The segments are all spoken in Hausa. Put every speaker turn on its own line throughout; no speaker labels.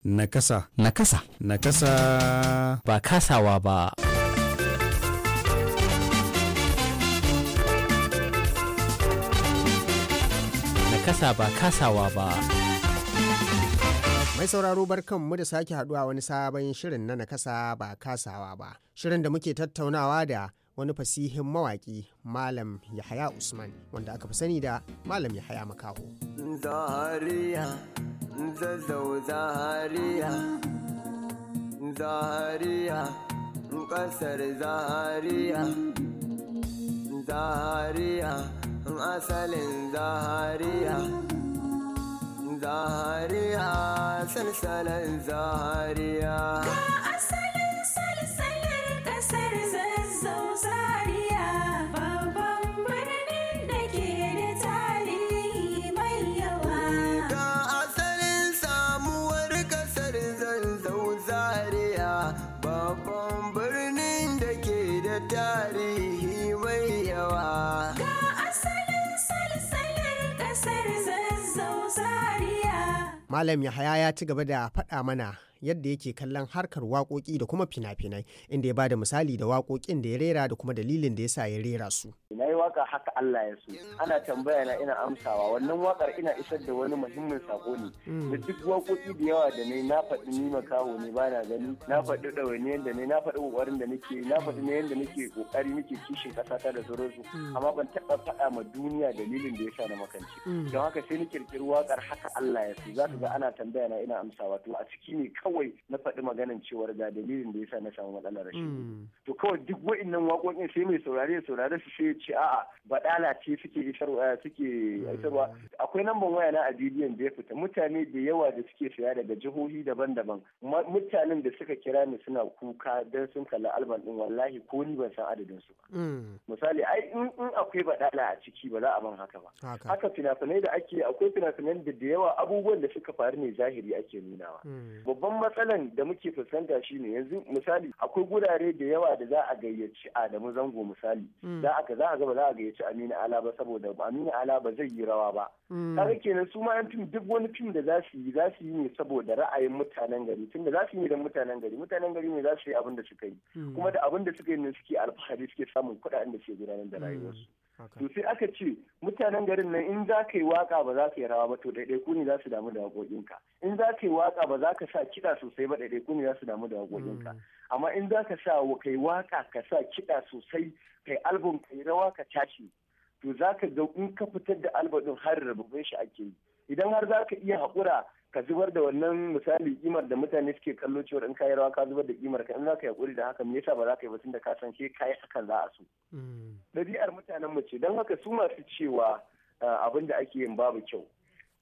Nakasa. Nakasa. Nakasa. Ba kasawa ba. Nakasa ba kasawa ba. Mai sauraro bar kanmu da sake haduwa wani sabon shirin na nakasa ba kasawa ba. Shirin da muke tattaunawa da wani fasihin mawaƙi Malam Yahaya Usman wanda aka fi sani da Malam Yahaya Makaho.
Zahariya, zazzau Zahariya, Zahariya, ƙasar Zahariya, Zahariya, asalin Zahariya. Zahariya, salsalan Zahariya.
Malam Yahaya ya ci gaba da faɗa mana yadda yake kallon harkar wakoki da kuma fina-finai inda ya bada misali da wakokin da ya rera da kuma dalilin da ya sa ya rera su.
Na yi waka haka Allah ya so ana tambaya na ina amsawa wannan wakar ina isar da wani muhimmin sako ne mm. da duk waƙoƙi da yawa da nai na faɗi ni makaho ne ba na gani na faɗi ɗawainiyar da ne na faɗi ƙoƙarin da nake na faɗi ne yadda nake ƙoƙari nake kishin ƙasa ta da sauransu mm. amma ban taɓa faɗa ma duniya dalilin da ya sa na makance mm. don haka sai ni kirkiri wakar haka Allah ya so za ka ga ana tambaya na ina amsawa to a ciki ne kawai na faɗi maganin cewar ga dalilin da ya sa na samu matsalar rashin hmm. to kawai duk wa'innan waƙoƙin sai mai saurare ya saurare su sai ya ce a'a baɗala ce suke isarwa suke hmm. isarwa akwai namban waya na a bidiyon da ya fita mutane da yawa da suke saya daga jihohi daban-daban mutanen da suka kira ni suna kuka don sun kalli alban din wallahi ko ni ban san adadin su
ba hmm.
misali ai in akwai baɗala a ciki ba za a man haka ba haka fina-finai da ake akwai fina-finan da da yawa abubuwan da suka faru ne zahiri ake nunawa babban matsalan da muke fuskanta ne yanzu misali akwai gurare da yawa da za a gayyaci Adamu Zango misali da mm. aka za a gaba za a gayyaci Aminu Ala ba saboda Aminu Ala ba zai yi rawa ba mm. kaga kenan su ma yan fim duk wani fim da za su yi za su yi ne saboda ra'ayin mutanen gari tunda za su yi don mutanen gari mutanen gari ne za su yi abin da suka yi mm. kuma da abin da suka yi ne suke alfahari suke samun kuɗaɗen da suke gudanar da rayuwarsu to sai aka ce mutanen garin nan in za ka yi waka ba za ka yi rawa ba to ku ne za su damu da waƙoƙinka in za ka yi waka ba za ka sa kiɗa sosai ba ku ne za su damu da waƙoƙinka mm. amma in za ka sa kai waka ka sa kiɗa sosai kai album kai rawa ka tashi to za ka ga in ka fitar da album har rababin shi ake yi idan har za ka iya haƙura ka zubar da wannan misali ƙimar da mutane suke kallo cewa in kayi rawa ka zubar da imar ka in za ka yi hakuri da haka me yasa ba za ka yi ba tunda ka san ke kayi hakan za a so mm. ɗabi'ar mutanen mu ce don haka su masu cewa abin da ake yin babu kyau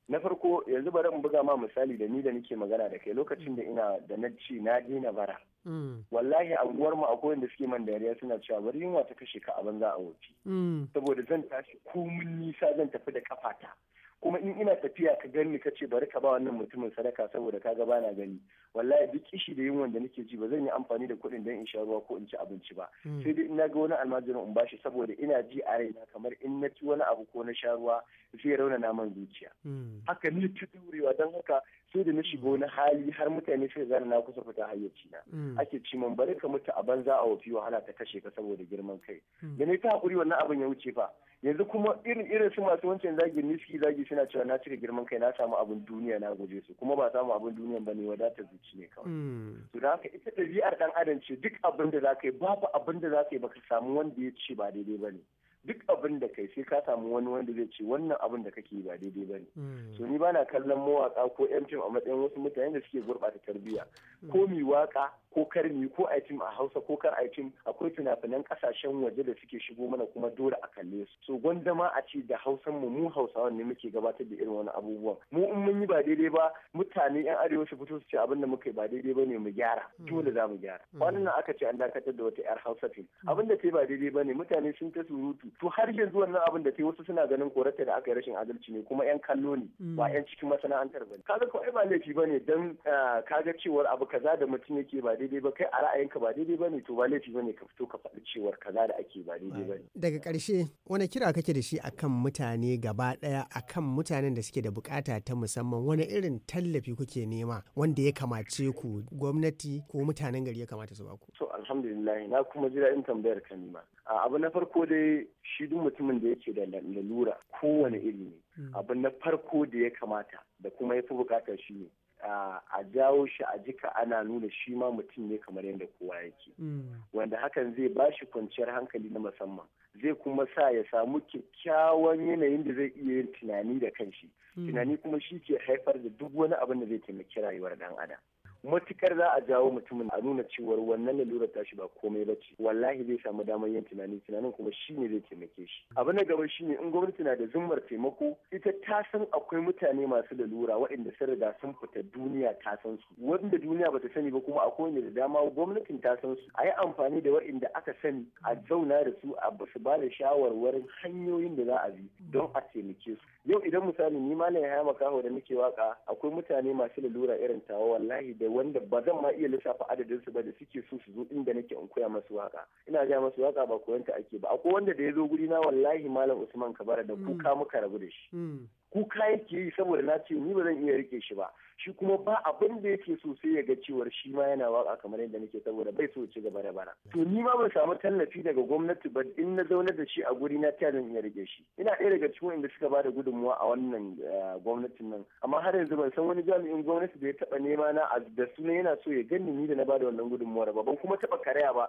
na farko yanzu bari mu buga ma misali da ni da nake magana da kai lokacin da ina da na ce na daina bara mm. wallahi unguwar mu akwai wanda suke man dariya suna cewa bari yunwa ta kashe ka a banza a wuce. Mm. saboda zan tashi komin nisa zan tafi da kafata kuma in ina tafiya ka gani ka ce bari ka ba wannan mutumin sadaka saboda ka gaba na gani wallahi duk kishi da yunwan da nake ji ba zan yi amfani da kuɗin don in sha ruwa ko in ci abinci ba hmm. sai dai ina ga wani almajirin in bashi saboda ina ji a raina kamar in na ci wani abu ko na sha ruwa zai raunana man zuciya hmm. haka ni ta durewa don haka sai da na shiga na hali har mutane suka zana na kusa fita hayyaci na mm. ake ci man bare ka mutu a banza a wafi wahala ta kashe ka saboda girman kai mm. da ne ta hakuri wannan abin ya wuce fa yanzu kuma irin irin su masu wancan zagi niski zagi suna cewa na cika girman kai na samu abin duniya na guje su kuma ba samu abin duniya ba ne wadatar zuci ne kawai mm. to da haka ita ɗabi'ar ɗan adam ce duk abin da za ka yi babu abin da za ka yi baka samu wanda ya ce ba daidai ba ne duk abin da kai sai ka samu wani wanda zai ce wannan abin da kake ba daidai ba ne hmm. so ni bana kallon mawaka ko yan fim a matsayin wasu mutane da suke gurɓata tarbiyya hmm. ko mi waka ko karmi ko a a hausa ko kar a akwai fina-finan kasashen waje da suke shigo mana kuma dole a kalle su so gwandama a ce da hausan mu mu hausawan ne muke gabatar da irin wani abubuwan mu in mun yi ba daidai ba mutane yan arewa su fito su ce abin da muka yi ba daidai ba ne mu gyara hmm. dole za mu gyara Wannan aka ce an dakatar da wata yar hausa fim abin da ta yi ba daidai ba ne mutane sun ta surutu to har yanzu wannan abin da ta wasu suna ganin korata da aka yi rashin adalci ne kuma yan kallo ne mm. ba yan cikin masana'antar ba kaga ko ai ba laifi ba ne dan eh, kaga cewar abu kaza da mutum yake ba daidai ba kai a ra'ayinka ba daidai ne to ba laifi ne ka fito ka faɗi cewar kaza da ake ba daidai ba
daga ƙarshe wani kira kake da shi akan mutane gaba ɗaya akan mutanen da suke da bukata ta musamman wani irin tallafi kuke nema wanda ya kamace ku gwamnati ko mutanen gari ya kamata su baku
to alhamdulillah na kuma ji daɗin tambayar ka nima abu na farko dai shi duk mutumin da yake da lalura kowane iri ne hmm. abu na farko da ya kamata da kuma ya fi bukata shi ne a jawo shi a jika ana nuna shi ma mutum ne kamar yadda kowa yake hmm. wanda hakan zai ba shi kwanciyar hankali na musamman zai kuma sa ya samu kyakkyawan yanayin da zai iya yin tunani da kanshi hmm. tunani kuma shi ke haifar da duk wani abin da zai taimaki rayuwar dan adam matukar za a jawo mutumin a nuna cewar wannan lalurar tashi ba komai ba ce wallahi zai samu damar yin tunani tunanin kuma shi ne zai taimake shi abu na gaba shine in gwamnati na da zummar taimako ita ta san akwai mutane masu lalura waɗanda sun riga sun fita duniya ta san su wanda duniya bata sani ba kuma akwai ne da dama gwamnatin ta san su a yi amfani da waɗanda aka sani a zauna da su a basu ba da shawarwarin hanyoyin da za a bi don a taimake su yau idan misali ni malam ya haya makaho da nake waka akwai mutane masu lalura irin tawa wallahi da wanda ba zan ma iya lissafa adadin su ba da suke so su zo inda nake in koya masu waka ina ga masu waka ba koyanta ake ba akwai wanda da ya zo guri na wallahi malam Usman Kabara da mm. kuka muka rabu da shi mm. kuka yake yi saboda na ce ni ba zan iya rike shi ba shi kuma ba abin da yake so sai ya ga cewar shi ma yana waka kamar yadda nake saboda bai so ci gaba da bara to ni ma ban samu tallafi daga gwamnati ba in na zauna da shi a guri na ta zan iya rike shi ina ɗaya daga cikin inda suka bada gudunmuwa a wannan eh, gwamnatin nan amma har yanzu ban san wani jami'in gwamnati da ya taba nema na da suna yana so ya gani ni da na bada wannan gudunmuwar ba ban kuma taba karaya ba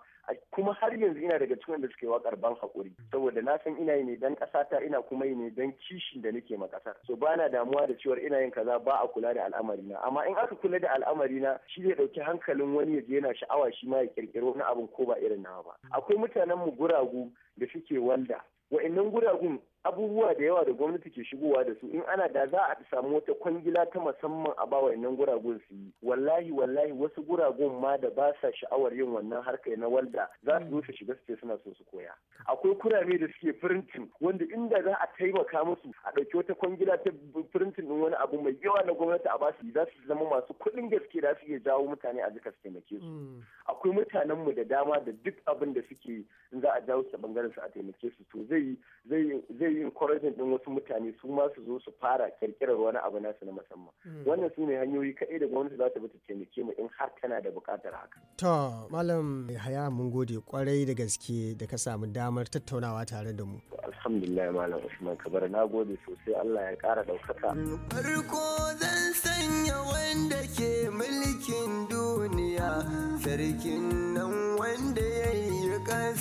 kuma har yanzu ina daga cikin inda suka yi wakar ban hakuri saboda na san ina yi ne dan kasata ina kuma yi ne dan kishin da nake ma ƙasa kasar so ba na damuwa da cewar ina yin kaza ba a kula da al'amarina amma in aka kula da al'amarina shi zai ɗauki hankalin wani ya je yana sha'awa shi ma ya kirkiri wani abin ko ba irin nawa ba akwai mutanen mu guragu da suke walda wa'annan guragun abubuwa da yawa da gwamnati ke shigowa da su in ana da za a samu wata kwangila ta musamman a bawa nan guragun su yi wallahi wallahi wasu guragun ma da ba sa sha'awar yin wannan harka na walda za su zo su shiga su ce suna so su koya akwai kurame da suke firintin wanda inda za a taimaka musu a ɗauki wata kwangila ta firintin ɗin wani abu mai yawa na gwamnati a ba su za su zama masu kuɗin gaske da su iya jawo mutane a jika su taimake su mm. akwai mutanen mu da dama da duk abin da suke in za a jawo su bangaren su a taimake su to zai zai zai yi encouraging din wasu mutane su ma su zo su fara ƙirƙirar wani abu nasu na musamman hmm. wannan su ne hanyoyi kaɗai da gwamnati za ta bi ta taimake mu in har tana da buƙatar haka
to malam haya mun gode kwarai da gaske da ka samu damar tattaunawa tare da mu
alhamdulillah malam usman kabar na gode sosai Allah ya ƙara ɗaukaka
farko zan sanya wanda ke mulkin duniya sarkin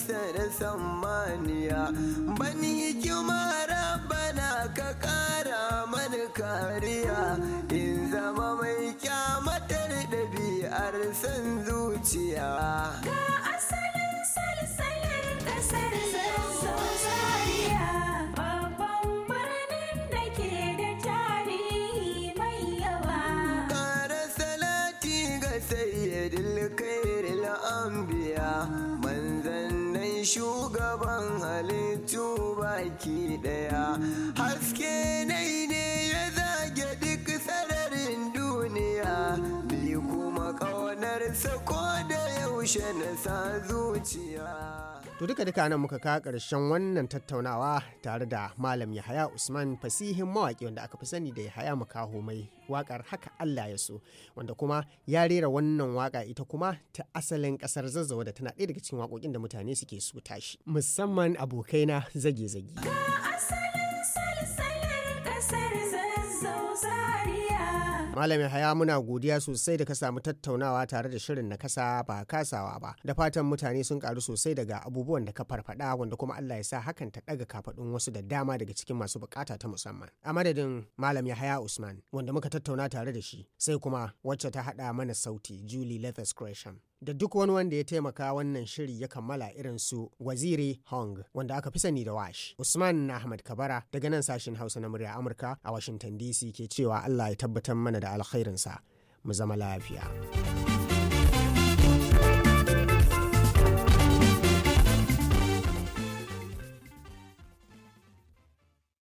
bisa da sammaniya ban hikima rabbana ka kara mani kariya in zama mai kyamatar ɗabi'ar san zuciya zuciya to
duka duka nan muka ka karshen wannan tattaunawa tare da malam yahaya usman fasihin mawaƙi wanda aka fi sani da yahaya makaho mai waƙar, haka allah ya so wanda kuma ya rera wannan waƙa ita kuma ta asalin ƙasar zazzawa da tana ɗaya daga cikin waƙoƙin da mutane suke so tashi musamman abokaina zage-zage Malam Yahaya muna godiya sosai da ka samu tattaunawa tare da shirin na kasa ba kasawa ba. Da fatan mutane sun karu sosai daga abubuwan da ka farfada wanda kuma Allah ya sa hakan ta daga kafadun wasu da dama daga cikin masu bukata ta musamman. A madadin Malam Yahaya Usman wanda muka tattauna tare da shi sai kuma wacce ta hada mana sauti Julie Leathers Gresham. da duk wani wanda ya taimaka wannan shiri ya kammala irin su waziri hong wanda aka fi sani da wash usman ahmad kabara daga nan sashen hausa na murya amurka a washington dc ke cewa allah ya tabbatar mana da alkhairinsa mu zama lafiya.